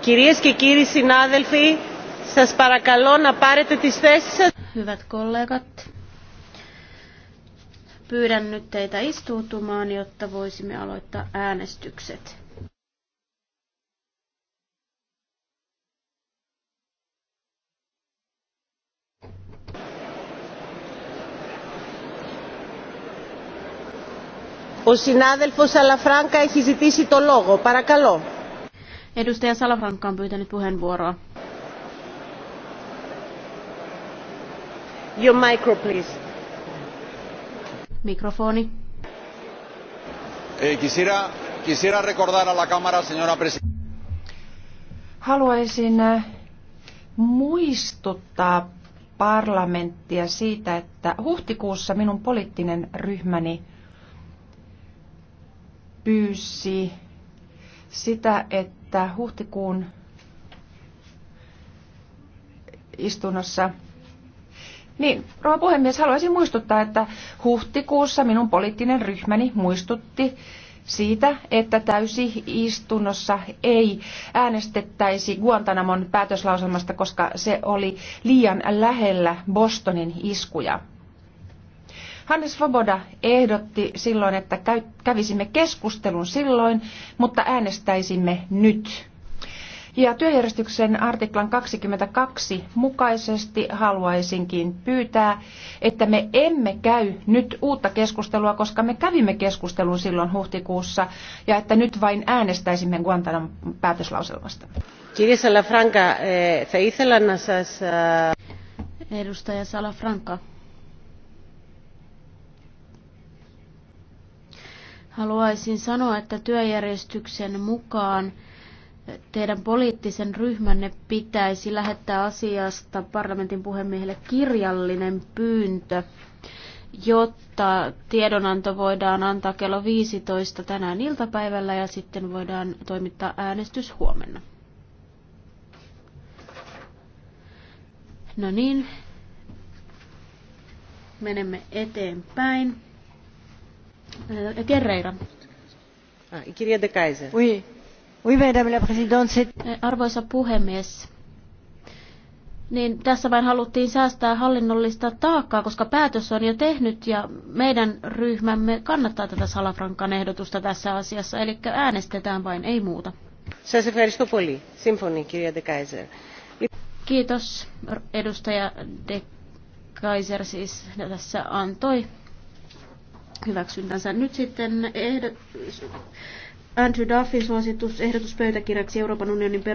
Κυρίες και κύριοι συνάδελφοι, σας παρακαλώ να πάρετε τις θέσεις σας. Hyvät kollegat, pyydän nyt teitä istuutumaan, jotta voisimme aloittaa äänestykset. Ο συνάδελφος Σαλαφράνκα έχει ζητήσει το λόγο. Παρακαλώ. Edustaja Salafranca on pyytänyt puheenvuoroa. Your micro, please. Mikrofoni. Eh, quisiera, quisiera recordar a la Cámara, señora presidenta. Haluaisin eh, muistuttaa parlamenttia siitä, että huhtikuussa minun poliittinen ryhmäni pyysi sitä, että huhtikuun istunnossa niin, rouva puhemies, haluaisin muistuttaa, että huhtikuussa minun poliittinen ryhmäni muistutti siitä, että täysistunnossa ei äänestettäisi Guantanamon päätöslauselmasta, koska se oli liian lähellä Bostonin iskuja. Hannes Svoboda ehdotti silloin, että kävisimme keskustelun silloin, mutta äänestäisimme nyt. Ja työjärjestyksen artiklan 22 mukaisesti haluaisinkin pyytää, että me emme käy nyt uutta keskustelua, koska me kävimme keskustelun silloin huhtikuussa, ja että nyt vain äänestäisimme Guantanamon päätöslauselmasta. Kirja Salafranca, θα ήθελα να σας... Edustaja Salafranca, Haluaisin sanoa, että työjärjestyksen mukaan teidän poliittisen ryhmänne pitäisi lähettää asiasta parlamentin puhemiehelle kirjallinen pyyntö, jotta tiedonanto voidaan antaa kello 15 tänään iltapäivällä ja sitten voidaan toimittaa äänestys huomenna. No niin, menemme eteenpäin. Kerreira. Eh, ah, Kirja de Kaiser. Oui. Oui, madame la présidente. Eh, arvoisa puhemies, niin tässä vain haluttiin säästää hallinnollista taakkaa, koska päätös on jo tehnyt ja meidän ryhmämme kannattaa tätä Salafrankan ehdotusta tässä asiassa, eli äänestetään vain, ei muuta. Kirja de Kaiser. Kiitos edustaja De Kaiser siis tässä antoi hyväksyntänsä. Nyt sitten ehdo, Andrew Duffin suositus ehdotuspöytäkirjaksi Euroopan unionin peru-